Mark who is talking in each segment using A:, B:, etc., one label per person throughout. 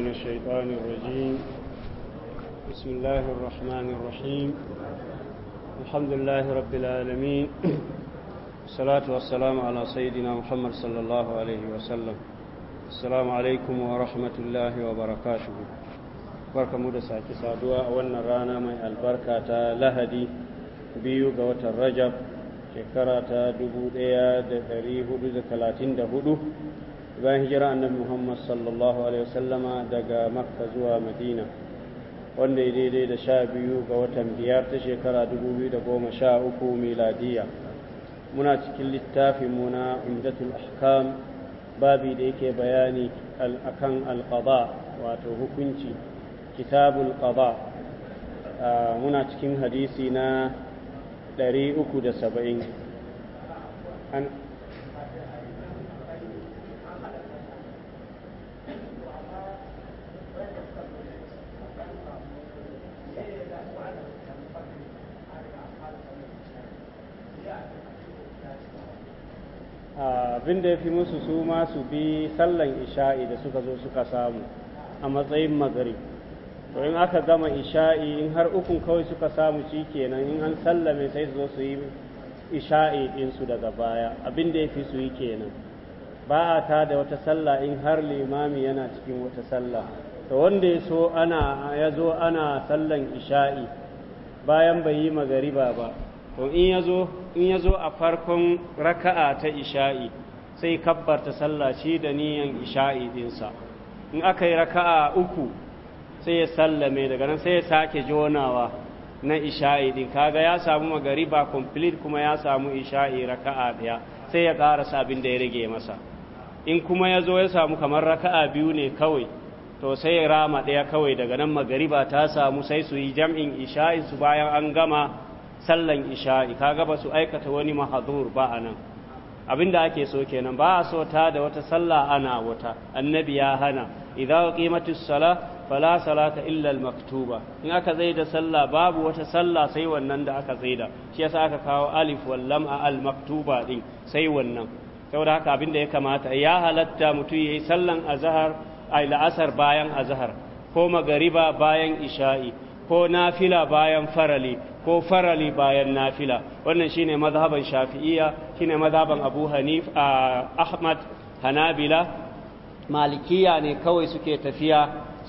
A: من الشيطان الرجيم بسم الله الرحمن الرحيم الحمد لله رب العالمين والصلاة والسلام على سيدنا محمد صلى الله عليه وسلم السلام عليكم ورحمة الله وبركاته بركة مدسة كسادوا أولنا رانا من البركة لهدي بيو قوة الرجب شكرة دبو ديا دفريه بذكلاتين دهدو bayan hijira annabi Muhammad sallallahu alaihi wasallama daga Makka zuwa Madina wanda ya daidai da sha biyu ga watan biyar ta shekara dubu biyu da goma sha uku miladiya muna cikin littafin mu na Umdatul Ahkam babi da yake bayani akan alqada wato hukunci kitabul qada muna cikin hadisi na 370 an abin da ya fi musu su ma su bi sallan isha'i da suka zo suka samu a matsayin magari to in aka gama isha'i in har ukun kawai suka samu shi kenan in an sallame sai su zo su yi isha'i ɗinsu daga baya abin da ya fi su yi kenan ba a ta da wata sallah in har limami yana cikin wata salla to wanda ya so ana zo ana sallan isha'i bayan bai yi magariba ba to in ya zo a farkon raka'a ta isha'i sai kabbarta ta da niyan isha'i dinsa in aka yi raka'a uku sai ya sallame daga nan sai ya sake jonawa na isha'i din kaga ya samu magariba complete kuma ya samu isha'i raka'a daya sai ya karasa abin da ya rage masa in kuma ya zo ya samu kamar raka'a biyu ne kawai to sai ya rama daya kawai daga nan magariba ta samu sai su yi jam'in isha'i su bayan an gama sallan isha'i kaga ba su aikata wani mahadur ba a nan. abinda ake so kenan ba a so ta da wata sallah ana wata annabi ya hana idza qimatus sala fala salata illa maktuba in aka zaida sallah babu wata sallah sai wannan da aka zaida shi yasa aka kawo alif wal lam al maktuba din sai wannan saboda haka abinda ya kamata ya halatta mutum yayi sallan azhar la'asar bayan azhar ko magariba bayan isha'i ko nafila bayan farali ko farali bayan nafila wannan shine mazhaban shafi'iyya shine mazhaban abu hanif ahmad hanabila malikiya ne kawai suke tafiya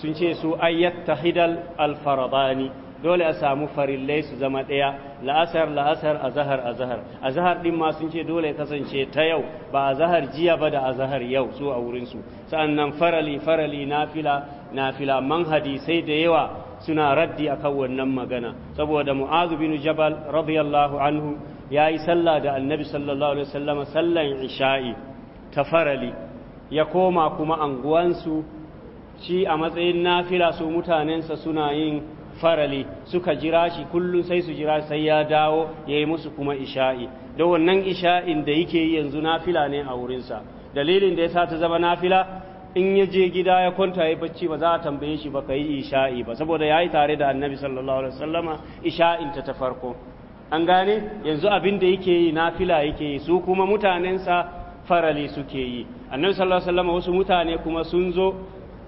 A: sun ce su ayyatta hidal alfaradani dole a samu farillai su zama ɗaya la'asar la'asar azahar azahar azahar ɗin ma sun ce dole ya kasance ta yau ba azahar jiya ba da azahar yau su a wurinsu sannan farali farali nafila nafila man hadisai da yawa suna raddi a kan wannan magana saboda mu'azu bin jabal radiyallahu anhu ya yi sallah da annabi sallallahu alaihi wasallam sallan isha'i ta farali ya koma kuma anguwansu shi a matsayin nafila su mutanensa suna yin farali suka jira shi kullum sai su jira sai ya dawo ya yi musu kuma isha'i da wannan isha'in da yake yanzu nafila ne a wurinsa dalilin da ya sa ta zama nafila in ya je gida ya kwanta ya bacci ba za a tambaye shi ba ka yi isha'i ba saboda ya yi tare da annabi sallallahu alaihi wasallama isha'in ta ta farko an gane yanzu abin da yake yi na fila yake yi su kuma mutanensa farali suke yi annabi sallallahu alaihi wasallama wasu mutane kuma sun zo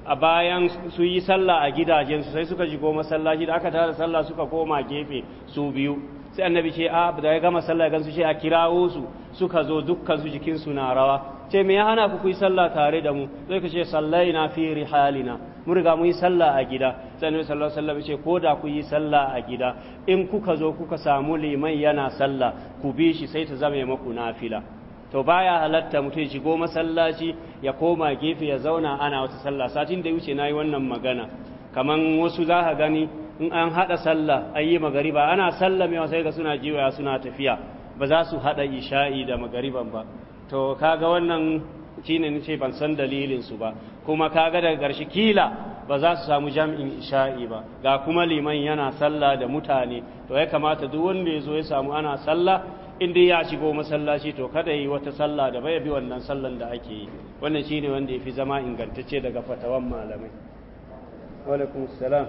A: a bayan su yi sallah a gidajensu sai suka shigo masallaci da aka tara sallah suka koma gefe su biyu sai annabi ce a ah, da ya gama sallah gansu ce a kirawo su suka zo dukkan su jikinsu na rawa ce me ya hana ku kuyi sallah tare da mu sai ka ce na fi rihalina mu riga mun yi sallah a gida sai ne sallallahu alaihi wasallam ce ko da ku yi sallah a gida in kuka zo kuka samu liman yana sallah ku bi shi sai ta zama maku nafila to baya halatta mutum shigo masallaci ya koma gefe ya zauna ana wata sallah satin da wuce nayi wannan magana kaman wasu za ka gani in an haɗa sallah ayi magariba ana sallamewa sai ga suna jiwa suna tafiya ba za su haɗa isha'i da magariban ba to kaga wannan shine ni ce ban san dalilin su ba kuma kaga daga ƙarshe kila ba za su samu jami'in isha'i ba ga kuma liman yana sallah da mutane to ya kamata duk wanda ya zo ya samu ana sallah in dai ya shigo masallaci to kada yi wata sallah da bai bi wannan sallan da ake yi wannan shine wanda ya fi zama ingantacce daga fatawan malamai wa alaikum salam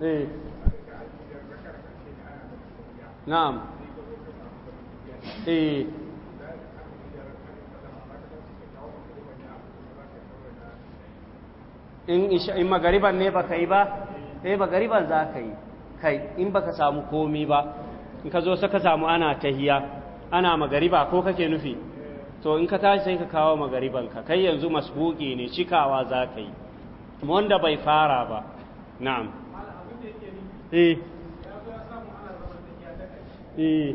A: eh na'am eh in in magariban ne baka yi ba eh magariban za ka yi kai in baka samu komi ba in ka zo saka samu ana tahiya ana magariba ko kake nufi to in ka tashi sai ka kawo magariban ka kai yanzu masbuki ne cikawa za ka yi wanda bai fara ba na'am eh eh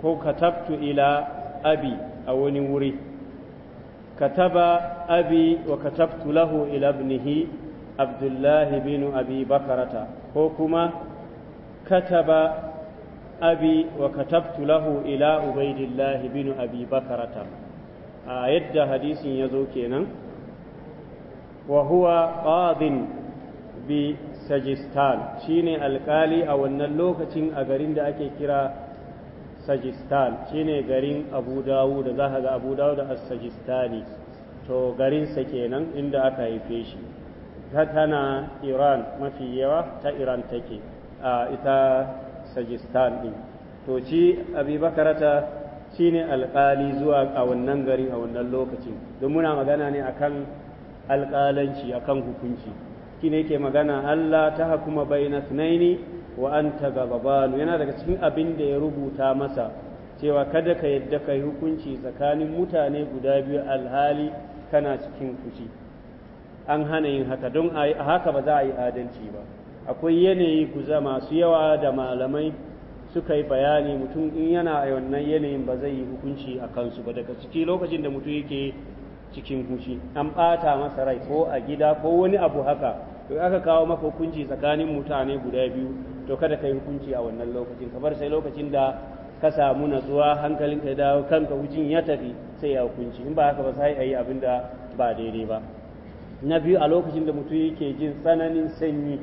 A: ko katabtu ila abi a wani wuri kataba abi wa katabtu lahu ila ibnihi abdullahi bin abi bakarata ko kuma kataba abi wa katabtu lahu ila ubaidillahi bin abi bakarata a yadda hadisin ya zo kenan Wahuwa huwa bi sajistan shine alkali a wannan lokacin a garin da ake kira sajistan shine garin abu dawu da za ga abu dawu da sajistani to garinsa kenan inda aka haife shi ta tana iran mafi yawa ta iran take a ita sajistan din to ci abibakarata shi ne alƙali zuwa a wannan garin a wannan lokacin don muna magana ne akan alƙalanci akan hukunci shi ne ke magana allah ta hakuma bai na wa ga gababanu yana daga cikin abin da ya rubuta masa cewa kada ka yadda ka yi hukunci tsakanin mutane guda biyu alhali kana cikin kushi. an hana yin haka don a haka ba za a yi adalci ba akwai yanayi guza masu yawa da malamai suka yi bayani mutum in yana a wannan yanayin ba zai yi hukunci a kansu ba daga ciki lokacin da mutum yake cikin kushi an ɓata masa rai ko a gida ko wani abu haka to aka kawo maka hukunci tsakanin mutane guda biyu to kada ka yi hukunci a wannan lokacin ka bar sai lokacin da ka samu natsuwa hankalin ka dawo kanka hujin ya tafi sai ya hukunci in ba haka ba sai ayi abin da ba daidai ba na biyu a lokacin da mutum yake jin tsananin sanyi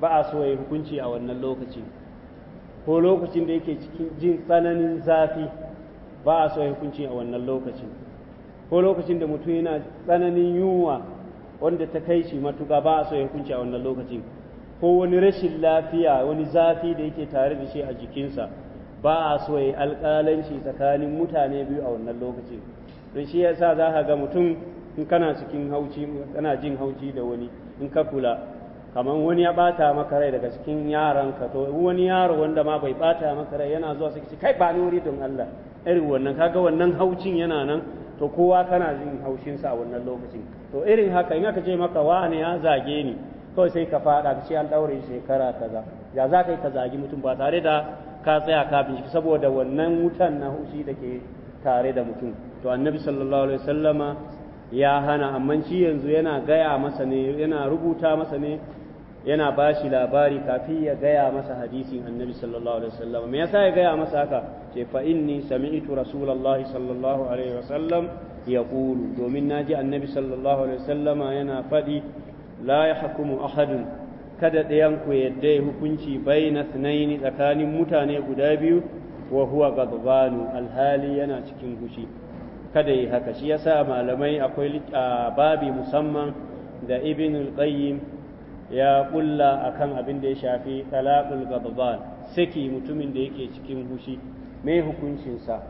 A: ba a so ya yi hukunci a wannan lokacin ko lokacin da yake cikin jin tsananin zafi ba a so ya hukunci a wannan lokacin ko lokacin da mutum yana tsananin yunwa wanda ta kai shi matuka ba a so ya hukunci a wannan lokacin ko wani rashin lafiya wani zafi da yake tare da shi a jikinsa ba a so ya alƙalanci tsakanin mutane biyu a wannan lokacin don shi yasa za ka ga mutum in kana cikin hauci kana jin hauci da wani in ka kula kamar wani ya bata maka rai daga cikin ka to wani yaro wanda ma bai bata maka rai yana zuwa sai kai ba ni wuri don Allah irin wannan kaga wannan haucin yana nan to kowa kana jin haushinsa a wannan lokacin to irin haka in aka ce maka wani ya zage ni kawai sai ka faɗa ka ce an ɗaure shekara kaza ya za ka yi ka zagi mutum ba tare da ka tsaya ka binciki saboda wannan wutan na haushi da ke tare da mutum to annabi sallallahu alaihi wasallama ya hana amma shi yanzu yana gaya masa ne yana rubuta masa ne yana ba shi labari kafin ya gaya masa hadisin annabi sallallahu alaihi wasallam me yasa ya gaya masa haka ce fa inni sami'tu rasulullahi sallallahu alaihi wasallam yaqulu domin naji annabi sallallahu alaihi wasallama yana fadi la yahkumu ahadun kada ɗayan ku yadda ya hukunci baina sunaini tsakanin mutane guda biyu wa huwa gadbanu alhali yana cikin gushi kada yi haka shi yasa malamai akwai babi musamman da ibn al-qayyim ya kulla akan abin da ya shafi talaqul ghadban saki mutumin da yake cikin hushi me hukuncin sa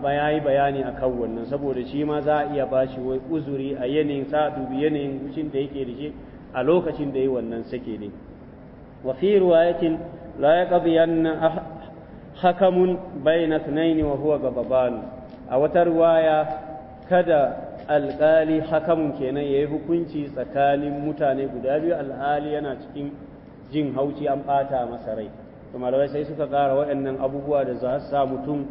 A: yayi bayani akan wannan saboda shi ma za a iya bashi wai uzuri a yanayin sa dubi yanayin hushin da yake da shi a lokacin da yi wannan sake ne wa fi riwayatin la yaqdiyanna ah, hakamun bayna thnayn wa huwa ghadban a wata riwaya kada alƙali hakamun kenan ya yi hukunci tsakanin mutane guda biyu alhali yana cikin jin hauci an ɓata masa rai to malamai sai suka ƙara waɗannan abubuwa da za su sa mutum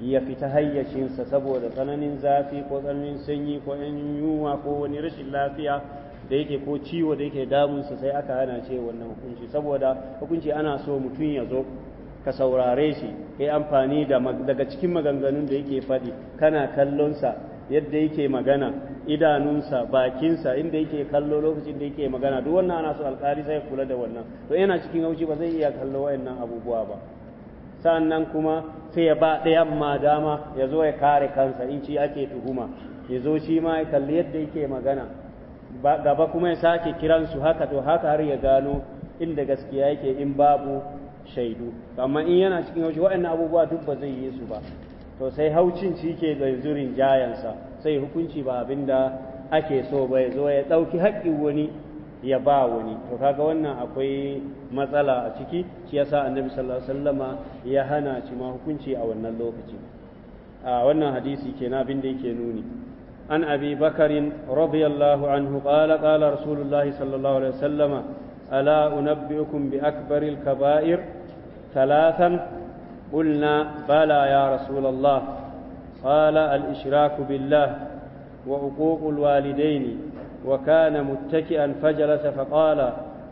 A: ya fita hayyacinsa saboda tsananin zafi ko tsananin sanyi ko yan yunwa ko wani rashin lafiya da yake ko ciwo da yake damunsa sai aka hana ce wannan hukunci saboda hukunci ana so mutum ya zo ka saurare shi kai amfani daga cikin maganganun da yake faɗi kana kallonsa yadda yake magana idanunsa bakinsa inda yake kallo lokacin da yake magana duk wannan ana so alkali sai kula da wannan to yana cikin haushi ba zai iya kallo wayannan abubuwa ba sannan kuma sai ya ba ɗaya ma dama ya zo ya kare kansa in ci ake tuhuma ya zo shi ma ya kalli yadda yake magana gaba kuma ya sake kiransu haka to haka har ya gano inda gaskiya yake in babu shaidu amma in yana cikin haushi wayannan abubuwa duk ba zai yi su ba to sai haucin shi ke zaizurin jayansa sai hukunci ba abin da ake so ba ya zo ya ɗauki haƙƙin wani ya ba wani to kaga wannan akwai matsala a ciki shi yasa annabi sallallahu alaihi wasallama ya hana shi ma hukunci a wannan lokaci a wannan hadisi kenan abin da yake nuni an abi bakarin radiyallahu anhu qala qala rasulullahi sallallahu alaihi wasallama ala unabbiukum bi akbaril kaba'ir thalathan قلنا بلى يا رسول الله قال الإشراك بالله وعقوق الوالدين وكان متكئا فجلس فقال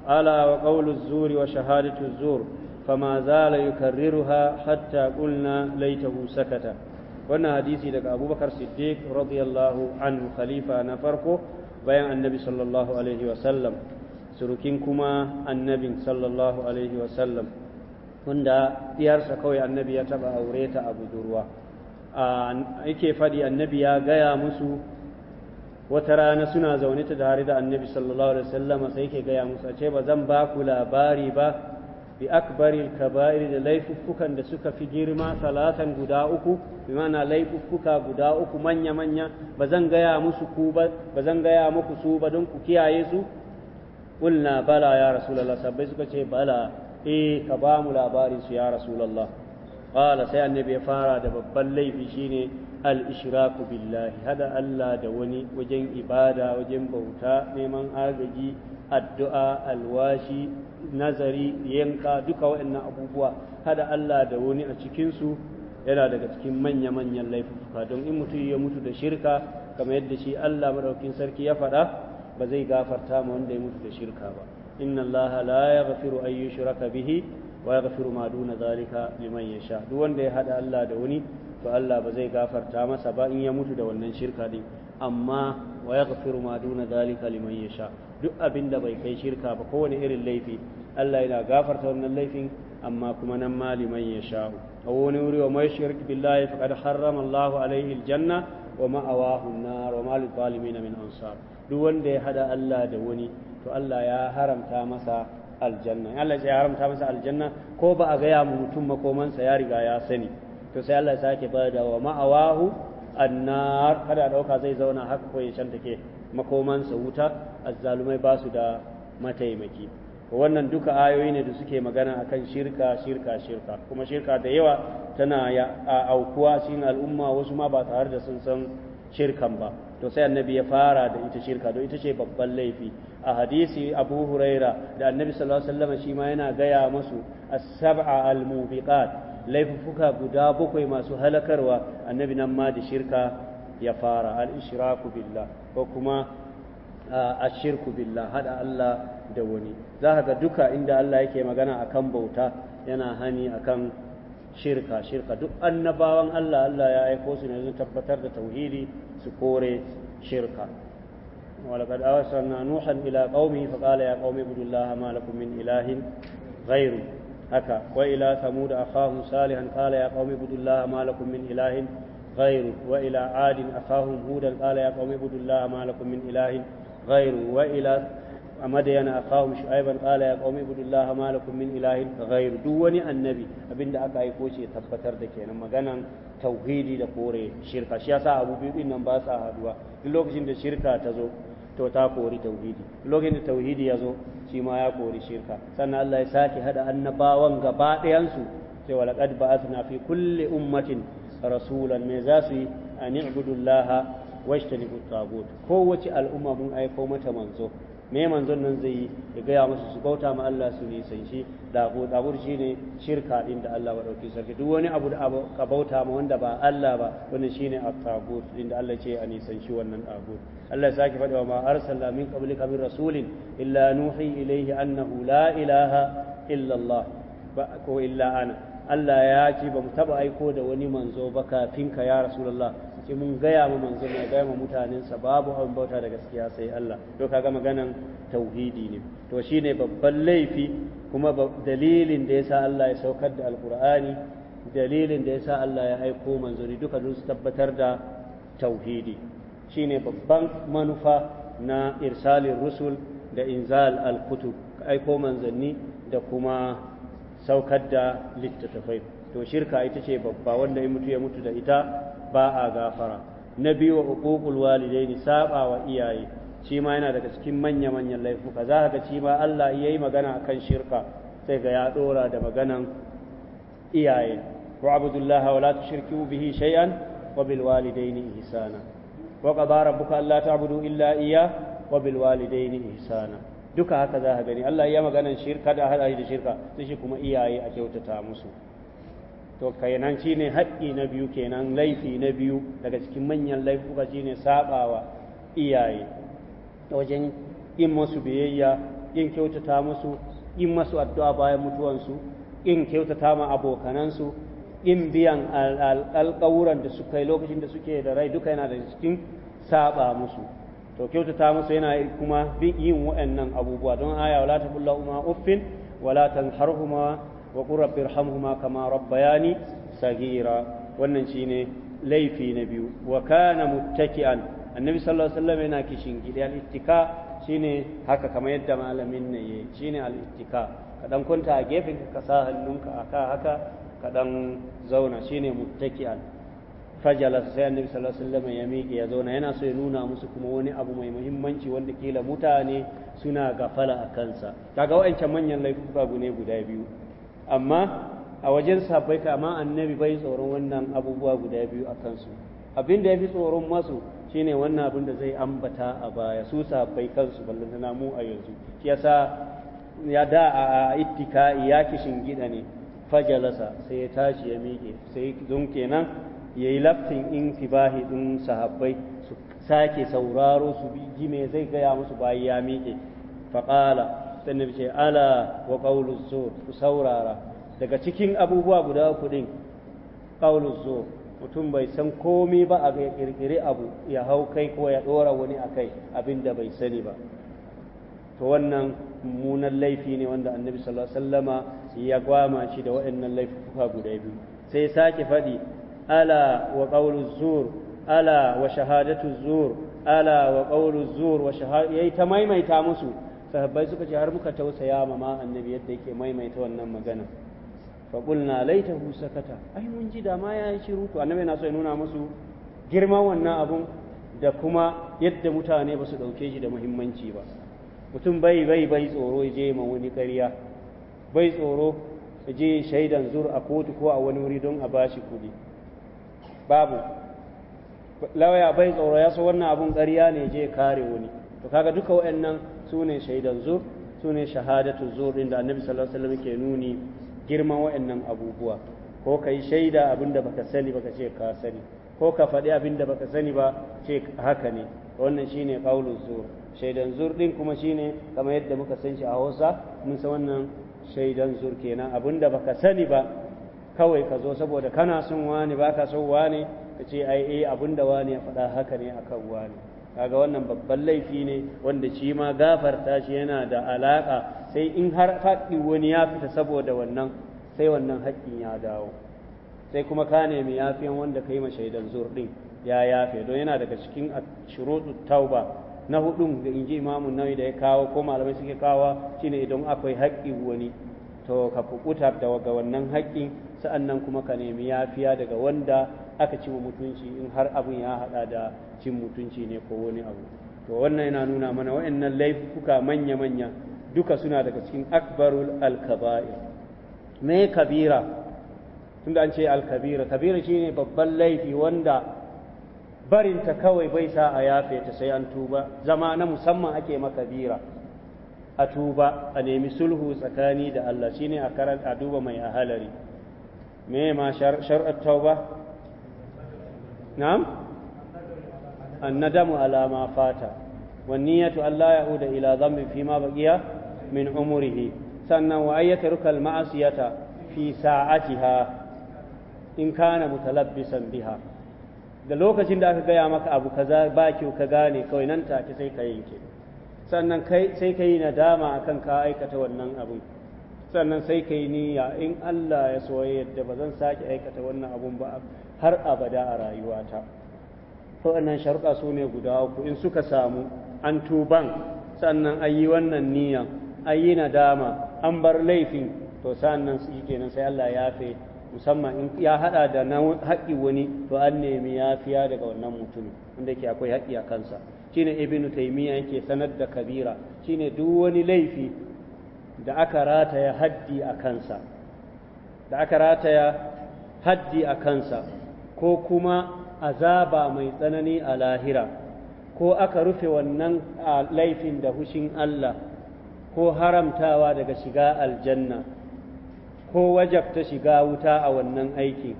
A: ألا وقول الزور وشهادة الزور فما زال يكررها حتى قلنا ليته سكت وانا حديثي لك أبو بكر الصديق رضي الله عنه خليفة نفرقه بيان النبي صلى الله عليه وسلم سركنكما النبي صلى الله عليه وسلم tunda diyarsa kawai annabi ya taba aure ta a budurwa yake faɗi annabi ya gaya musu wata rana suna zaune ta tare da annabi sallallahu alaihi wasallam sai yake gaya musu a ce ba zan ba ku labari ba bi akbari kaba'ir da laifuffukan da suka fi girma salatan guda uku bi mana laifuffuka guda uku manya manya ba zan gaya musu ku ba ba zan gaya muku su ba don ku kiyaye su qulna bala ya rasulullah sabbai suka ce bala eh ka ba mu labarin su ya rasulullah
B: qala sai annabi ya fara da babban laifi shine
A: al ishraku billahi hada Allah da wani wajen ibada wajen bauta neman agaji addu'a alwashi nazari yanka duka waɗannan abubuwa hada Allah da wani a cikinsu yana daga cikin manya-manyan laifuka don in mutum ya mutu da shirka kamar yadda shi Allah maɗaukin sarki ya faɗa ba zai gafarta ma wanda ya mutu da shirka ba inna allaha la yaghfiru an yushraka bihi wa yaghfiru ma duna zalika liman yasha duk wanda ya haɗa Allah da wani to Allah ba zai gafarta masa ba in ya mutu da wannan shirka din amma wa yaghfiru ma duna zalika liman yasha duk abin da bai kai shirka ba kowane irin laifi Allah yana gafarta wannan laifin amma kuma nan ma liman yasha a wani wuri wa mai shirk billahi faqad harrama Allahu alaihi janna wa ma'awahu an-nar wa ma lil zalimin min ansar duk wanda ya hada Allah da wani to Allah ya haramta masa aljanna In Allah ya haramta masa aljanna ko ba a gaya mu mutum makomansa ya riga ya sani to sai Allah ya sake da wa ma'awahu annar kada dauka zai zauna haka ko ya shanta ke makomansa wuta azzalumai ba su da mataimaki wannan duka ayoyi ne da suke magana akan shirka shirka shirka kuma shirka da yawa tana ya aukuwa cikin al'umma wasu ma ba tare da sun san shirkan ba to sai annabi ya fara da ita shirka don ita ce babban laifi a hadisi abu huraira da annabi sallallahu alaihi wasallam shi ma yana gaya masu as-sab'a al-mubiqat laifuka guda bakwai masu halakarwa annabi nan ma da shirka ya fara al-ishraku billah ko kuma ashirku billah hada Allah da wani za ka ga duka inda Allah yake magana akan bauta yana hani akan shirka shirka duk annabawan Allah Allah ya aiko su ne don tabbatar da tauhidi su kore shirka ولقد أرسلنا نوحا إلى قومه فقال يا قوم اعبدوا الله ما لكم من إله غيره هكا وإلى ثمود أخاهم صالحا قال يا قوم اعبدوا الله ما لكم من إله غيره وإلى عاد أخاهم هودا قال يا قوم اعبدوا الله ما لكم من إله غيره وإلى a madayana a kawo shu'aiban kala ya kawo ibudu Allah malakum min ilahin ghairu duk wani annabi abin da aka yi ko ya tabbatar da kenan maganan tauhidi da kore shirka shi yasa abu biyu nan ba haduwa duk lokacin da shirka ta zo to ta kori tauhidi lokacin da tauhidi ya zo shi ma ya kori shirka sannan Allah ya sake hada annabawan gaba ɗayansu cewa laqad ba'athna fi kulle ummatin rasulan me za su yi an i'budu Allah wa ishtanibu tagut kowace al'umma mun aiko mata manzo me manzon nan zai yi ya gaya masu su bauta ma Allah su nisanci da dagur shine shirka din da Allah madauki sarki duk wani abu da ka bauta ma wanda ba Allah ba wannan shine at-tagut din da Allah ce a nisanci wannan tagut Allah ya saki faɗa ma arsalna min qablika min rasulin illa nuhi ilayhi annahu la ilaha illa Allah ko illa ana Allah ya ce ba mu taba aiko da wani manzo ba kafin ka ya rasulullah sai mun gaya ma manzo mai gaya mutanen mutanensa babu hawan bauta da gaskiya sai Allah to kaga maganan tauhidi ne to shine babban laifi kuma dalilin da yasa Allah ya saukar da alqur'ani dalilin da yasa Allah ya aiko manzoni duka don su tabbatar da tauhidi shine babban manufa na irsalin rusul da inzal al-kutub aiko manzanni da kuma saukar da littattafai to shirka ita ce babba wanda ya mutu ya mutu da ita ba a gafara na biyu wa uququl walidaini saba wa iyaye shi ma yana daga cikin manya manyan laifuka za ka ga ma Allah yayi magana akan shirka sai ga ya dora da maganan iyaye wa abudullaha wa la tushriku bihi shay'an wa bil walidaini ihsana wa qadara rabbuka alla ta'budu illa iyyah wa bil walidaini ihsana duka haka za ka gani Allah ya maganan shirka da hada da shirka sai shi kuma iyaye a kyautata musu to kainan kenan ne haƙƙi na biyu kenan laifi na biyu daga cikin manyan laifuka shine sabawa iyaye wajen yin musu biyayya yin kyautata musu yin masu addu'a bayan mutuwansu in kyautata ma abokanansu in biyan alƙawuran da suka yi lokacin da suke da rai duka yana da cikin saba musu to kyautata musu yana kuma yin waɗannan abubuwa don aya wala ta kulla uma uffin wala tanharhuma wa qur rabbi irhamhuma kama rabbayani sagira wannan shine laifi na biyu wa kana muttaki'an annabi sallallahu yana kishin gida al-ittika shine haka kamar yadda malamin na yayi shine al-ittika ka dan kwanta a gefen kasa sa hannunka aka haka kaɗan dan zauna shine muttaki'an fajalasa sai annabi ya miƙe ya zauna yana so ya nuna musu kuma wani abu mai muhimmanci wanda kila mutane suna gafala a kansa kaga wa'ancan manyan laifuka ne guda biyu amma a wajen sahabbai kama annabi bai tsoron wannan abubuwa guda biyu a kansu abin da ya fi tsoron masu shine wannan abin da zai ambata a baya su sahabbai kansu ballantana mu a yanzu shi yasa ya da a ittika'i ya kishin gida ne fajalasa sai ya tashi ya miƙe sai don kenan ya yi laftin in intibahi ɗin sahabbai su sake sauraro su bi gime zai gaya musu bayan ya miƙe faƙala sai nabi ce ala wa qauluz zur ku saurara daga cikin abubuwa guda uku din qauluz zur mutum bai san komai ba a ƙirƙiri abu ya hau kai ko ya dora wani akai abinda bai sani ba to wannan mummunan laifi ne wanda annabi sallallahu alaihi wasallama ya gwama shi da waɗannan laifuka guda biyu sai sake faɗi ala wa qauluz zur ala wa shahadatu zur ala wa qauluz zur wa shahadatu ta maimaita musu sahabbai suka ce har muka tausaya ma ma annabi yadda yake maimaita wannan magana fa qulna laitahu sakata ai mun ji da ma ya yi shiru to annabi yana so ya nuna musu girman wannan abun da kuma yadda mutane ba su dauke shi da muhimmanci ba mutum bai bai bai tsoro ya je ma wani ƙarya bai tsoro ya je shaidan zur a kotu ko a wani wuri don a bashi kuɗi babu lawaya bai tsoro ya so wannan abun ƙarya ne je kare wani to kaga duka waɗannan su ne shaidan zur su shahadatu zur din da annabi sallallahu alaihi wasallam ke nuni girman wa'annan abubuwa ko kai shaida abinda baka sani baka ce ka sani ko ka faɗi abinda baka sani ba ce haka ne wannan shine qaulun zur shaidan zur din kuma shine kamar yadda muka san shi a Hausa mun san wannan shaidan zur kenan abinda baka sani ba kawai ka zo saboda kana son wani baka son wani ka ce ai eh abinda wani ya faɗa haka ne akan wani kaga wannan babban laifi ne wanda shi ma gafarta shi yana da alaka sai in har haƙƙi wani ya fita saboda wannan sai wannan haƙƙin ya dawo sai kuma ka nemi yafiyan wanda kai ma shaidan zur din ya yafe don yana daga cikin shurutu tauba na hudun da inji imamu nawi da ya kawo ko malamai suke kawo shine idan akwai haƙƙi wani to ka kukuta da wannan haƙƙin sa'annan kuma ka nemi yafiya daga wanda aka ci mutunci in har abun ya haɗa da cin mutunci ne ko wani abu to wannan yana nuna mana waɗannan laifuka manya-manya duka suna daga cikin akbarul alkaba'ir me kabira tunda an ce alkabira kabira shine babban laifi wanda barinta kawai bai sa a yafe ta sai an tuba zama na musamman ake makabira a tuba a nemi sulhu tsakani da Allah shine a karan a duba mai ahalari me ma sharar tauba na'am الندم على ما فات والنية ألا يعود إلى ذنب فيما بقي من عمره سنة وأن يترك المعصية في ساعتها in kana mutalabbisan biha da lokacin da aka gaya maka abu kaza ba kyau ka gane kawai nan take sai ka yanke sannan sai ka yi nadama akan ka aikata wannan abu sannan sai ka yi niyya in Allah ya so yadda ba zan sake aikata wannan abun ba har abada a rayuwata waɗannan sharuɗa su ne guda uku in suka samu an tuban sannan an yi wannan niyya an yi nadama an bar laifin to sannan su kenan sai Allah ya fi musamman in ya haɗa da na haƙƙi wani to an nemi yafiya daga wannan mutumin wanda ke akwai haƙƙi a kansa shine ibnu taymiya yake sanar da kabira shine duk wani laifi da aka rataya haddi a kansa da aka rataya haddi a kansa ko kuma azaba mai tsanani a lahira ko aka rufe wannan laifin da hushin Allah ko haramtawa daga shiga aljanna ko wajabta shiga wuta a wannan aiki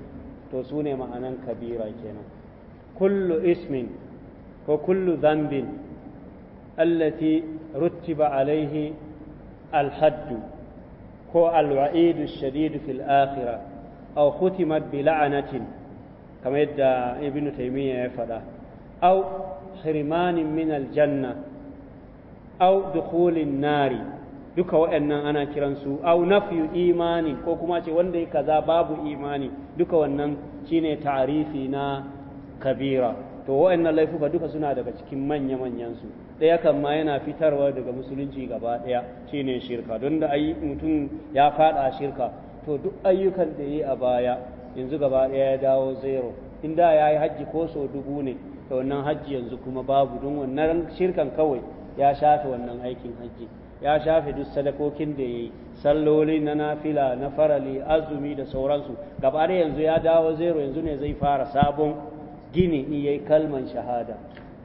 A: to su ne ma'anan kabira kenan kullu ismin ko kullu zambin allati ruttiba alaihi alhaddu ko alwa'idu shadidu fil akhirah aw khutimat bi la'anatin kamar yadda ibnu taymiya ya faɗa au hirmanin min aljanna au dukhulin nari duka waɗannan ana kiransu au nafyu imani ko kuma ce wanda yi kaza babu imani duka wannan shine ta'arifi na kabira to waɗannan laifuka duka suna daga cikin manya manyan su ɗaya kan ma yana fitarwa daga musulunci gaba ɗaya shine shirka don da mutum ya faɗa shirka to duk ayyukan da yi a baya yanzu gaba ɗaya ya dawo zero in da ya yi hajji ko so dubu ne da wannan hajji yanzu kuma babu don wannan shirkan kawai ya shafe wannan aikin hajji ya shafe duk sadakokin da ya yi salloli na nafila na farali azumi da sauransu gaba ɗaya yanzu ya dawo zero yanzu ne zai fara sabon gini in yayi kalman shahada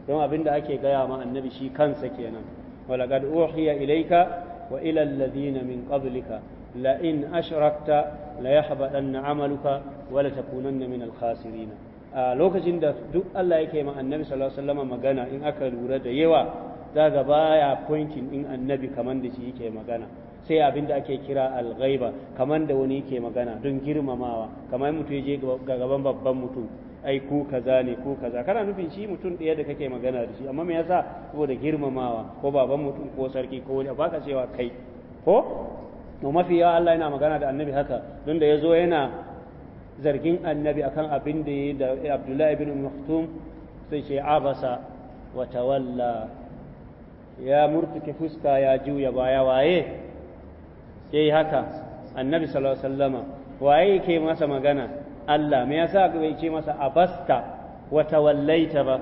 A: don abin da ake gaya ma annabi shi kansa kenan walaqad uhiya ilaika wa ila ladina min qablika la in ashrakta la yahbadanna amaluka wa kunan na min a lokacin da duk Allah yake ma annabi sallallahu alaihi wasallam magana in aka lura da yawa zaga baya pointing in annabi kaman da shi yake magana sai abin da ake kira al-ghaiba kaman da wani yake magana don girmamawa kamar mutum ya je gaban babban mutum ai ku kaza ne ku kaza kana nufin shi mutum ɗaya da kake magana da shi amma me yasa saboda girmamawa ko baban mutum ko sarki ko wani baka cewa kai ko to mafi yawa Allah yana magana da annabi haka don da ya zo yana zargin annabi akan abin da ya da Abdullahi bin Maktum sai ce abasa wa tawalla ya murtuke fuska ya juya baya waye sai haka annabi sallallahu alaihi wasallama waye ke masa magana Allah me yasa bai ce masa abasta wa tawallaita ba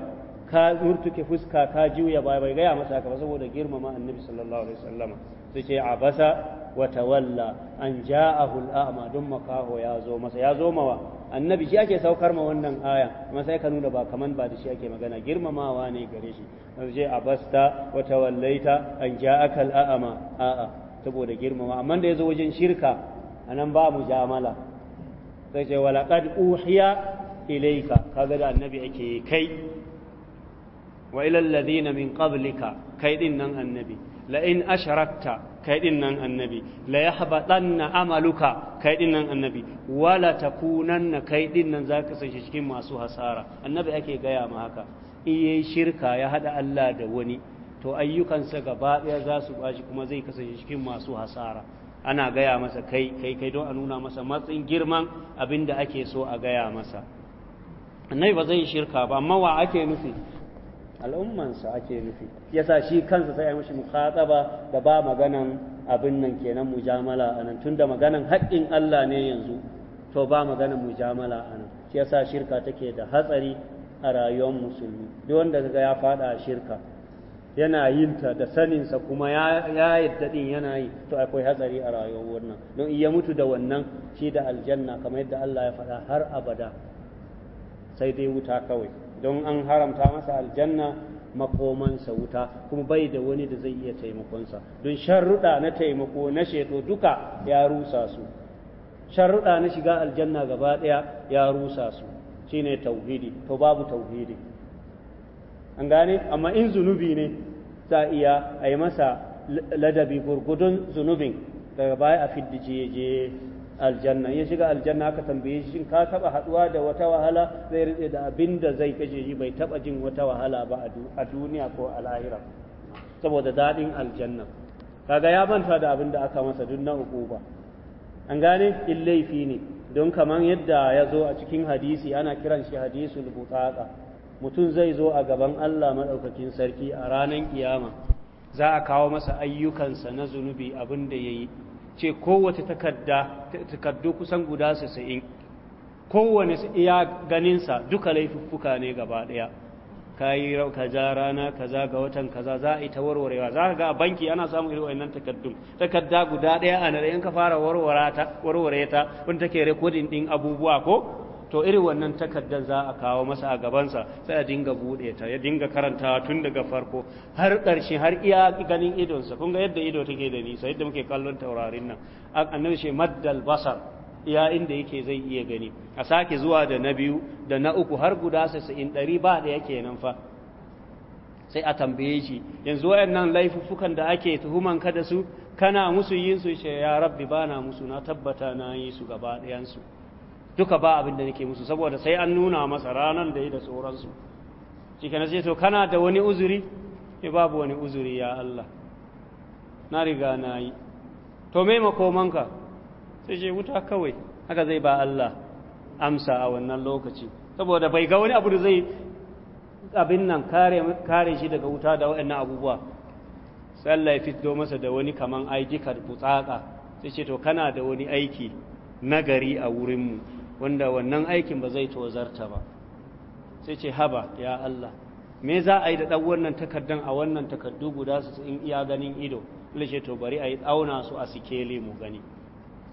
A: ka murtuke fuska ka juya baya bai ga ya masa haka ba saboda girmama annabi sallallahu alaihi wasallama su ce abasa walla an ja'ahu al'ama don makaho ya zo masa ya zo mawa annabi shi ake saukar ma wannan aya amma sai ka nuna ba kaman ba da shi ake magana girmamawa ne gare shi an ce abasta wata tawallaita an ja'aka al'ama a'a saboda girmama amma da zo wajen shirka anan ba mujamala sai ce walaqad uhiya ilayka kaga da annabi ake kai wa ila alladhina min qablika kai din nan annabi la'in asharakta kai din nan annabi la na amaluka kai din nan annabi wala takunanna kai din nan zaka sanshi cikin masu hasara annabi ake gaya ma haka in yayi shirka ya haɗa Allah da wani to ayyukansa gaba ɗaya za su bashi kuma zai kasance cikin masu hasara ana gaya masa kai kai kai don a nuna masa matsin girman abinda ake so a gaya masa annabi ba zai shirka ba amma wa ake nufi al'ummansa ake nufi yasa shi kansa sai ya mishi mukhataba da ba maganan abin nan kenan mujamala anan tunda maganan haƙƙin Allah ne yanzu to ba maganan mujamala anan shi yasa shirka take da hatsari a rayuwar musulmi duk wanda kaga ya fada a shirka yana yin ta da saninsa kuma ya yadda din yana yi to akwai hatsari a rayuwar wannan don iya mutu da wannan shi da aljanna kamar yadda Allah ya faɗa har abada sai dai wuta kawai don an haramta masa aljanna makomansa wuta kuma bai da wani da zai iya taimakonsa don sharruɗa na taimako na sheto duka ya rusa su sharruɗa na shiga aljanna gaba ɗaya ya rusa su shine tauhidi to babu tauhidi an gane amma in zunubi ne za iya a yi masa ladabi gurgudun zunubin daga baya a fiddice je aljanna ya shiga aljanna aka tambaye shi ka taba haduwa da wata wahala zai rike da abinda zai kashe shi bai taba jin wata wahala ba a duniya ko a lahira saboda daɗin aljanna kaga ya banta da abinda aka masa duk na ba an gane in laifi ne don kaman yadda ya zo a cikin hadisi ana kiran shi hadisul butaka mutum zai zo a gaban Allah maɗaukakin sarki a ranar kiyama za a kawo masa ayyukansa na zunubi abin da ya ce kowace takardu kusan guda 90 kowane iya ganinsa duka laifuffuka ne gaba ɗaya ka yi kaza rana kaza ga watan kaza za a yi ta warwarewa za ka ga a banki ana samun irin wannan takardun takarda guda ɗaya a nare in ka fara warware ta wanda take rekodin ɗin abubuwa ko to irin wannan takardar za a kawo masa a gabansa sai a dinga buɗe ta ya dinga karantawa tun daga farko har ƙarshe har iya ganin idonsa kun ga yadda ido take da nisa yadda muke kallon taurarin nan annabi shi maddal basar iya inda yake zai iya gani a sake zuwa da na biyu da na uku har guda sasa'in ɗari ba da yake nan fa sai a tambaye shi yanzu wayannan laifuffukan da ake tuhuman ka da su kana musu yin su ya rabbi bana musu na tabbata na yi su gaba ɗayansu duka ba abin da nake musu saboda sai an nuna masa ranar da yi da tsoronsu shi kana sai to kana da wani uzuri ne babu wani uzuri ya Allah na riga na yi to me makomanka sai ce wuta kawai haka zai ba Allah amsa a wannan lokaci saboda bai ga wani abu da zai abin nan kare shi daga wuta da waɗannan abubuwa sai Allah ya fito masa da wani kaman aiki ka butsaka sai ce to kana da wani aiki nagari a wurinmu wanda wannan aikin ba zai tozarta ba sai ce haba ya Allah me za a yi da ɗan wannan takardan a wannan takardu guda su in iya ganin ido lishe to bari a yi tsauna su a sikeli mu gani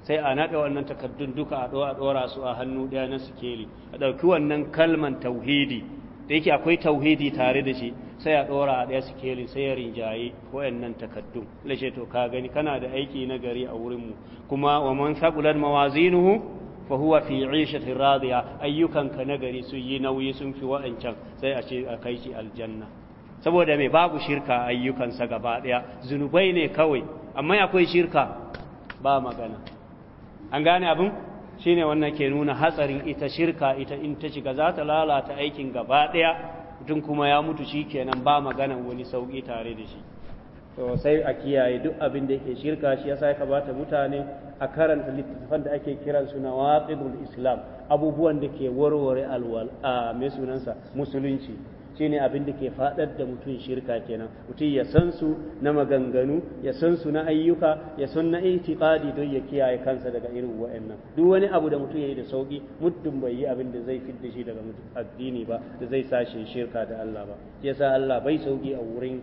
A: sai a naɗa wannan takardun duka a ɗora su a hannu ɗaya na sikeli a ɗauki wannan kalman tauhidi da yake akwai tauhidi tare da shi sai a ɗora a ɗaya sikeli sai ya rinjaye wayannan takaddun lashe to ka gani kana da aiki na gari a wurin mu kuma wa man saqulat mawazinuhu fa huwa fi 'ishati radiya ayyukanka nagari sun yi nauyi sun fi wa'ancan sai a ce a kai shi aljanna saboda me babu shirka ayyukansa gaba daya zunubai ne kawai amma akwai shirka ba magana an gane abin shine wannan ke nuna hatsarin ita shirka ita in ta shiga za ta lalata aikin gaba daya mutum kuma ya mutu shi kenan ba magana wani sauki tare da shi to sai a kiyaye duk abin da yake shirka shi yasa ya bata mutane a karanta littattafan da ake kiran su nawaqidul islam abubuwan da ke warware alwal a mai sunansa musulunci shine abin da ke fadar da mutum shirka kenan mutum ya san su na maganganu ya san su na ayyuka ya san na itiqadi don ya kiyaye kansa daga irin wa'annan duk wani abu da mutum yayi da sauki muddin bai yi abin da zai fidda shi daga addini ba da zai sashe shirka da Allah ba yasa Allah bai sauki a wurin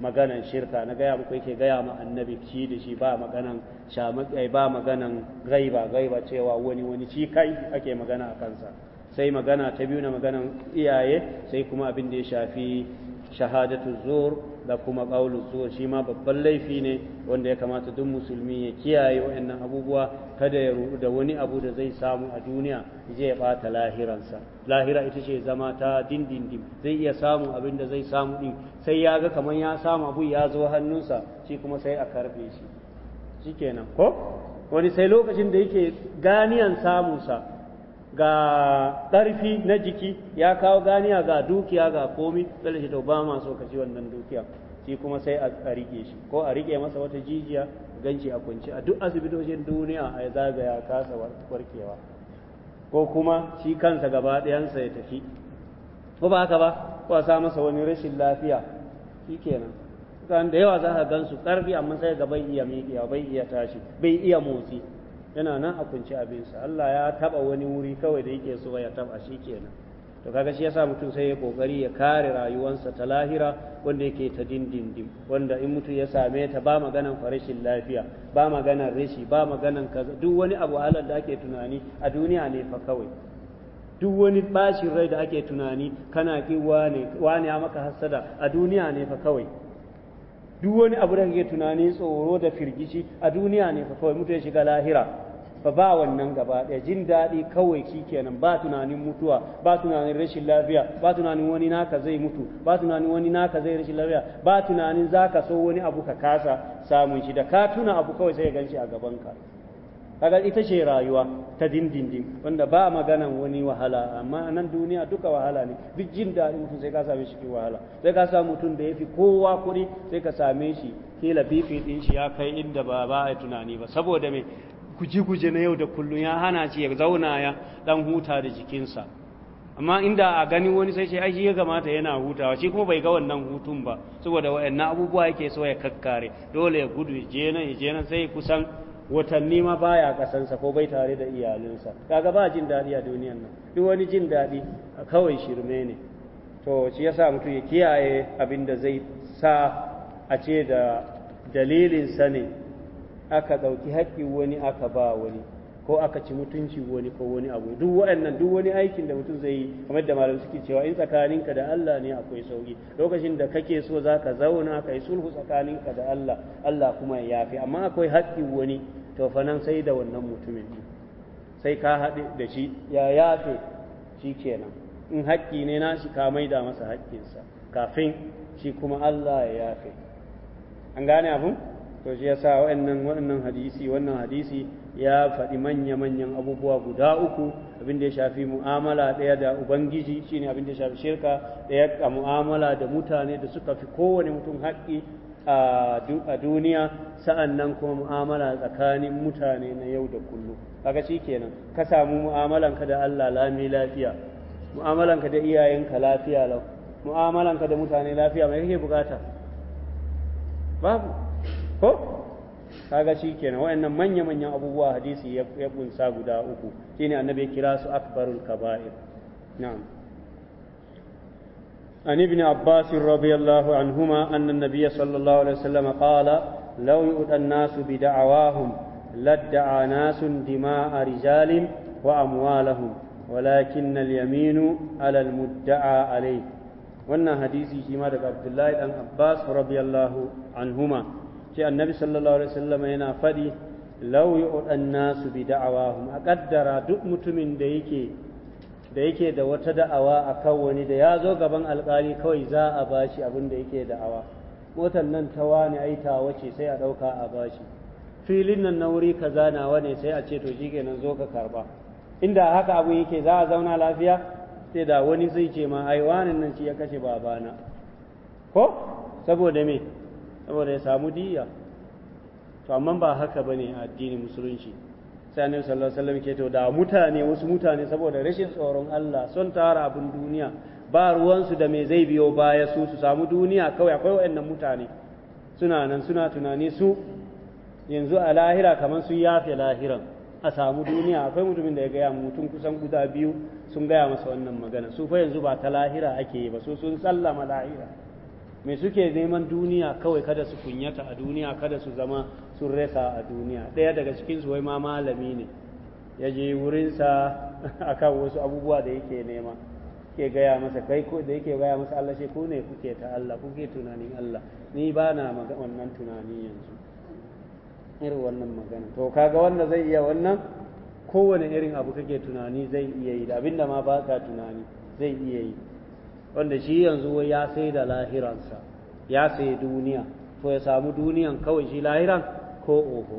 A: maganan shirka na gaya muku yake gaya ma annabi ci da shi ba maganan shamakai eh, ba maganan gaiba gaiba cewa wani wani shi kai ake magana a kansa sai magana ta biyu na maganan iyaye sai kuma abin da ya shafi shahadatu zur da kuma qaulu zur shi ma babban laifi ne wanda ya kamata duk musulmi ya kiyaye waɗannan abubuwa kada ya rudu da wani abu da zai samu a duniya zai bata lahiransa lahira ita ce zama ta dindindin zai iya samu abin da zai samu din sai ya ga kamar ya samu abu ya zo hannunsa shi kuma sai a karbe shi shikenan ko wani sai lokacin da yake ganiyan samunsa ga ƙarfi na jiki ya kawo ganiya ga dukiya ga komi sai shi to ba ma so ka ci wannan dukiya shi kuma sai a rike shi ko a rike masa wata jijiya ganci a kunci a duk asibitocin duniya a zagaya kasa warkewa ko kuma shi kansa gaba ɗayansa ya tafi ko ba haka ba ko a sa masa wani rashin lafiya shi kenan da yawa za ka gan su ƙarfi amma sai ga bai iya miƙewa bai iya tashi bai iya motsi yana nan a kunci abinsa Allah ya taba wani wuri kawai da yake so ya taba shi kenan to kaga shi yasa mutum sai ya kokari ya kare rayuwarsa ta lahira wanda yake ta dindindin wanda in mutum ya same ta ba maganan farashin lafiya ba maganan rashi ba maganan kaza duk wani abu halar da ake tunani a duniya ne fa kawai duk wani bashin rai da ake tunani kana ki wane wane maka hasada a duniya ne fa kawai duk wani abu da kake tunani tsoro da firgici a duniya ne fa kawai mutu ya shiga lahira fa ba wannan gaba ɗaya jin daɗi kawai nan ba tunanin mutuwa ba tunanin rashin lafiya ba tunanin wani naka zai mutu ba tunanin wani naka zai rashin lafiya ba tunanin zaka so wani abu ka kasa samun shi da ka tuna abu kawai sai ya ganshi a gaban ka kaga ita ce rayuwa ta dindindin wanda ba maganan wani wahala amma nan duniya duka wahala ne duk jin daɗi mutum sai ka same shi ke wahala sai ka samu mutum da yafi kowa kuɗi sai ka same shi kila bifi din shi ya kai inda ba ba a tunani ba saboda me kuji kuje na yau da kullum ya hana shi ya zauna ya dan huta da jikinsa amma inda a gani wani sai ce ai shi ya kamata yana hutawa shi kuma bai ga wannan hutun ba saboda wa'annan abubuwa yake so ya kakkare dole ya gudu ya je nan ya je nan sai kusan watanni ma baya kasansa ko bai tare da iyalinsa kaga ba jin daɗi a duniyan nan duk wani jin daɗi kawai shirme ne to shi yasa mutum ya kiyaye abin da zai sa a ce da dalilinsa ne aka ɗauki haƙƙin wani aka ba wani ko aka ci mutunci wani ko wani abu duk waɗannan duk wani aikin da mutum zai yi kamar da malam suke cewa in tsakaninka da Allah ne akwai sauki lokacin da kake so zaka zauna kayi sulhu tsakaninka da Allah Allah kuma ya yafi amma akwai haƙƙin wani to fa nan sai da wannan mutumin sai ka haɗe da shi ya yafe shi kenan in haƙƙi ne na shi ka maida masa haƙƙinsa kafin shi kuma Allah ya yafe
B: an gane abu to shi yasa wa'annan wa'annan hadisi wannan hadisi ya faɗi manya-manyan abubuwa guda
A: uku abin da ya shafi mu'amala ɗaya da ubangiji shine abin da ya shafi shirka ɗaya ga mu'amala da mutane da suka fi kowane mutum haƙƙi a duniya sa'an nan kuma mu'amala tsakanin mutane na yau da kullum kaga kenan ka samu mu'amalanka da Allah lami lafiya mu'amalanka da iyayenka lafiya lau mu'amalanka da mutane lafiya mai kake bukata babu ko kaga shikenan waɗannan manya manyan abubuwa hadisi ya kunsa guda uku shine annabi ya kira su akbarul kaba'ir na'am عن ابن عباس رضي الله عنهما أن النبي صلى الله عليه وسلم قال لو يؤتى الناس بدعواهم لادعى ناس دماء رجال وأموالهم ولكن اليمين على المدعى عليه wannan hadisi shi ma daga abdullahi dan abbas radiyallahu anhuma ce annabi sallallahu yana faɗi law yu'dan nasu bi da'awahum a ƙaddara duk mutumin da yake da yake da wata da'awa a kan wani da ya zo gaban alkali kawai za a shi abin da yake da'awa motar nan ta wani aitawa ce sai a ɗauka a bashi filin nan na wuri kaza nawa ne sai a ce to kenan zo ka karba inda haka abu yake za a zauna lafiya sai da wani zai ce ma ai wani nan shi ya kashe babana ko saboda me saboda ya samu diya to amma ba haka bane addinin musulunci sai annabi sallallahu alaihi wasallam ke to da mutane wasu mutane saboda rashin tsoron Allah son tara abun duniya ba ruwansu da me zai biyo baya su su samu duniya kawai akwai waɗannan mutane suna nan suna tunani su yanzu a lahira kamar sun yafe lahiran a samu duniya akwai mutumin da ya gaya mutum kusan guda biyu sun gaya masa wannan magana su fa yanzu ba ta lahira ake yi ba su sun sallama lahira me suke neman duniya kawai kada su kunyata a duniya kada su zama sun rasa a duniya ɗaya daga cikin su wai ma malami ne ya je wurinsa akan wasu abubuwa da yake nema ke gaya masa kai ko da yake gaya masa Allah shi ne kuke ta Allah kuke tunanin Allah ni ba na wannan tunani yanzu irin wannan magana to kaga wannan zai iya wannan kowane irin abu kake tunani zai iya yi da abinda ma ba ka tunani zai iya yi wanda shi yanzu ya sai da lahiransa ya sai duniya to ya samu duniyan kawai shi lahiran ko oho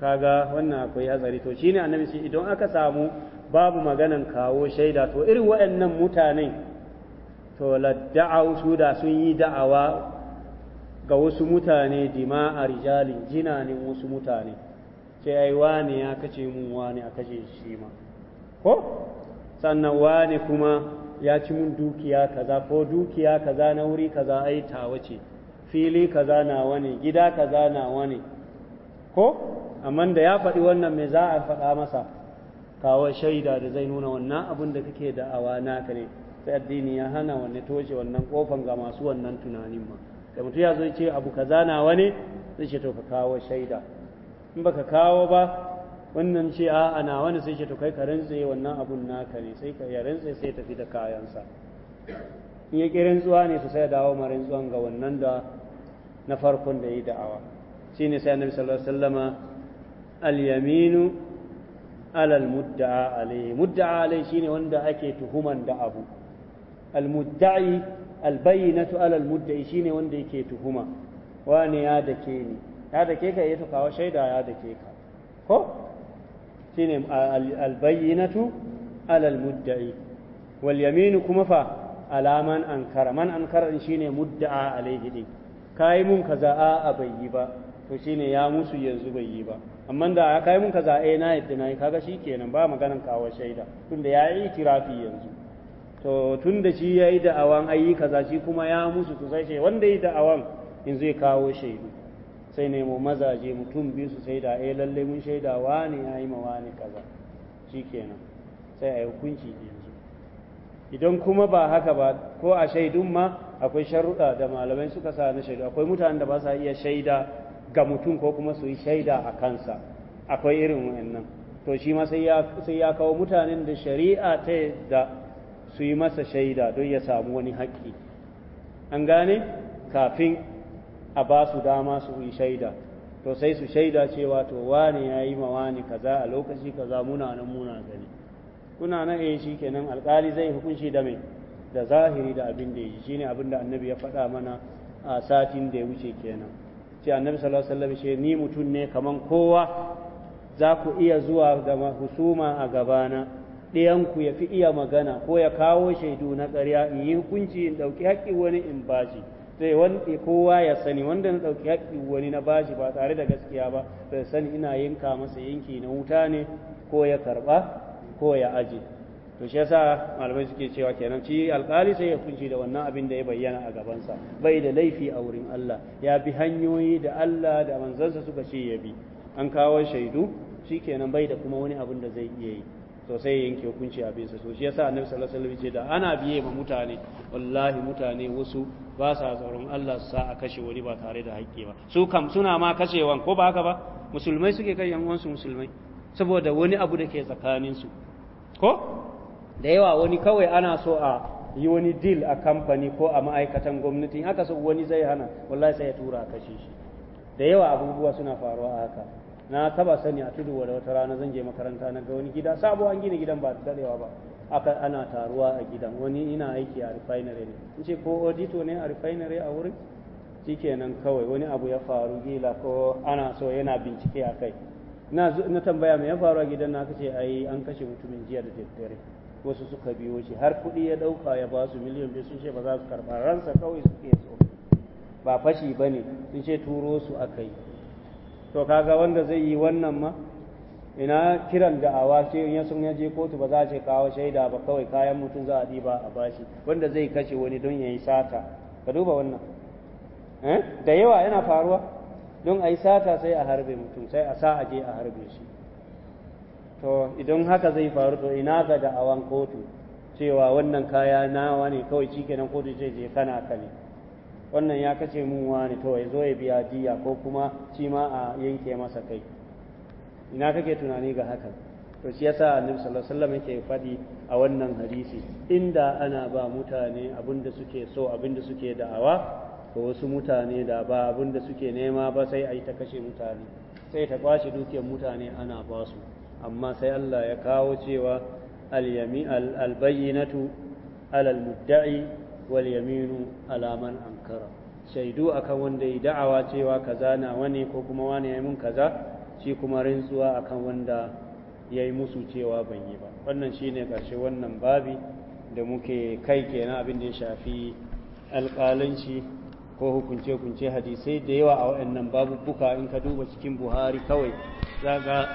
A: kaga wannan akwai hatsari to shine annabi shi idan aka samu babu maganan kawo shaida to irin waɗannan mutanen to ladda'u su da sun yi da'awa ga wasu mutane dima dima'a rijalin jinanin wasu mutane ce ai wane ya kace mun wani a kace shi ma ko sannan wani kuma ya ci mun dukiya kaza ko dukiya kaza na wuri kaza ai tawa ce fili kaza nawa ne gida kaza nawa ne ko amma da ya faɗi wannan me za a faɗa masa kawo shaida da zai nuna wannan abin da kake da awa naka ne sai addini ya hana wanne toshe wannan kofan ga masu wannan tunanin ma da mutum ya zo ce abu kaza nawa ne zai ce to ka kawo shaida in baka kawo ba wannan ce a ana wani sai ce to kai ka rantse wannan abun naka ne sai ka ya rantse sai tafi da kayansa in ya ƙi rantsuwa ne su sai dawo ma rantsuwan ga wannan da na farkon da ya yi da'awa shi ne sai annabi sallallahu alaihi wasallama al-yaminu alal mudda'a alaihi mudda'a alaihi shine wanda ake tuhuman da abu al-mudda'i al-bayyinatu alal mudda'i shine wanda yake tuhuma wani ya dake ni ya dake ka ya eh kawo shaida ya dake ka ko shine al-bayyinatu alal mudda'i wal yaminu kuma fa alaman ankara man ankara shine mudda'a alaihi din ka yi mun kaza a bai yi ba to shine ya musu yanzu bai yi ba amma da ka yi mun kaza a eh, na yadda na yi kaga shi kenan ba maganan kawo shaida tunda ya yi tirafi yanzu to tunda shi ya yi da'awan ayi kaza shi kuma ya musu to sai wanda yi da'awan in zai kawo shaidu sai ne mu mazaje mutum biyu su shaida eh lalle mun shaida wani ya yi ma wani kaza shi kenan sai a yi hukunci yanzu idan kuma ba haka ba ko a shaidun ma akwai sharuɗa da malamai suka sa na shaidu akwai mutanen da ba sa iya shaida ga mutum ko kuma su yi shaida a kansa akwai irin wannan to shi ma sai ya kawo mutanen da shari'a ta da su yi masa shaida don ya samu wani haƙƙi an gane kafin a ba su dama su yi shaida to sai su shaida cewa to wani ya yi wani kaza a lokaci kaza muna nan muna gani kuna nan eh shi kenan alƙali zai hukunci da mai da zahiri da abin da ya shi shine abin da annabi ya faɗa mana a satin da ya wuce kenan ce annabi sallallahu alaihi wasallam ce ni mutum ne kaman kowa za ku iya zuwa ga husuma a gabana ɗayanku ya fi iya magana ko ya kawo shaidu na ƙarya in yi hukunci in ɗauki haƙƙi wani in bashi sai wanda kowa ya sani wanda na ɗauki haƙƙi wani na bashi ba tare da gaskiya ba bai sani ina yinka masa yanki na wuta ne ko ya karɓa ko ya aje to shi yasa malamai suke cewa kenan ci alkali sai ya kunci da wannan abin da ya bayyana a gabansa bai da laifi a wurin Allah ya bi hanyoyi da Allah da manzansa suka ce ya bi an kawo shaidu shi kenan bai da kuma wani abin da zai iya yi to sai yanke hukunci a bisa to shi yasa annabi sallallahu alaihi wasallam ce da ana biye ma mutane wallahi mutane wasu ba sa tsaron Allah su sa a kashe wani ba tare da haƙƙi ba su kam suna ma kashewan ko ba haka ba musulmai suke kai yan uwansu musulmai saboda wani abu da ke tsakaninsu ko da yawa wani kawai ana so a yi wani deal a kamfani ko a ma'aikatan gwamnati in aka so wani zai hana wallahi sai ya tura a kashe shi da yawa abubuwa suna faruwa a haka na taba sani a tudu da wata rana zan je makaranta na ga wani gida sabo an gina gidan ba dadewa ba aka ana taruwa a gidan wani ina aiki a refinery ne in ce ko audito ne a refinery a wurin shikenan kawai wani abu ya faru gila ko ana so yana bincike a kai na tambaya mai ya faru a gidan na kace ai an kashe mutumin jiya da daddare wasu suka biyo shi har kuɗi ya ɗauka ya ba su miliyan biyu sun ce ba za su karɓa ransa kawai suke so ba fashi ba ne sun ce turo su aka yi to kaga wanda zai yi wannan ma ina kiran da awa ce in sun ya je kotu ba za a ce kawo shaida ba kawai kayan mutum za a ɗiba a bashi wanda zai kashe wani don ya yi sata ka duba wannan eh? da yawa yana faruwa don a yi sata sai a harbe mutum sai a sa a je a harbe shi to idan haka zai faru to ina ga da'awan kotu cewa wannan kaya nawa ne kawai shikenan kotu ce je kana ka ne wannan ya kace mun wani to ya zo ya biya diya ko kuma shi ma a yanke masa kai ina kake tunani ga haka to shi yasa annabi sallallahu alaihi wasallam yake faɗi a wannan hadisi inda ana ba mutane abinda suke so abinda suke da'awa ko wasu mutane da ba abinda suke nema ba sai a yi ta kashe mutane sai ta kwashe dukiyar mutane ana ba su amma sai Allah ya kawo cewa albayyinatu alal mudda'i wal yaminu ala man ankara shaidu akan wanda ya da'awa cewa kaza na wani ko kuma wani ya mun kaza shi kuma rintsuwa akan wanda yayi musu cewa ban yi ba wannan shine karshe wannan babi da muke kai kenan abin da ya shafi alƙalanci ko hukunce-hukunce hadisai da yawa a waɗannan babubuka in ka duba cikin buhari kawai zaga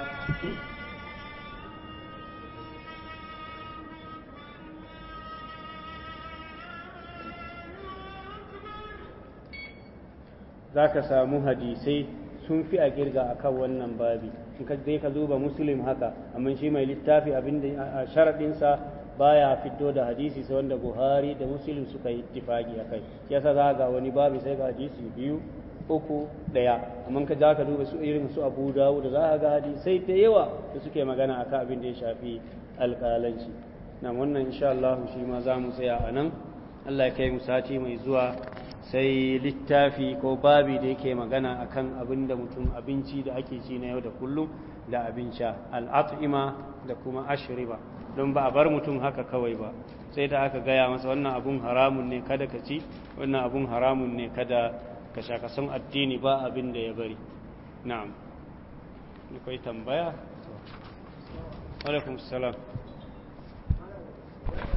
A: za ka samu hadisai sun fi a kirga akan wannan babi in ka dai ka zuba muslim haka amma shi mai littafi abin da sharadinsa baya fito da hadisi sai wanda buhari da muslim suka yi ittifaki akai yasa za ga wani babi sai ga hadisi biyu uku daya amma ka za ka duba su irin su abu dawud da za ka ga hadisai ta yawa da suke magana akan abin da ya shafi alƙalanci na wannan insha Allah shi ma za mu tsaya a nan Allah ya kai mu sati mai zuwa sai littafi ko babi da yake magana akan abin da mutum abinci da ake ci na yau da kullum da abin sha al'at'ima da kuma ashriba don ba a bar mutum haka kawai ba sai da aka gaya masa wannan abun haramun ne kada ka ci wannan abun haramun ne kada ka sha ka addini ba abin da ya bari na'am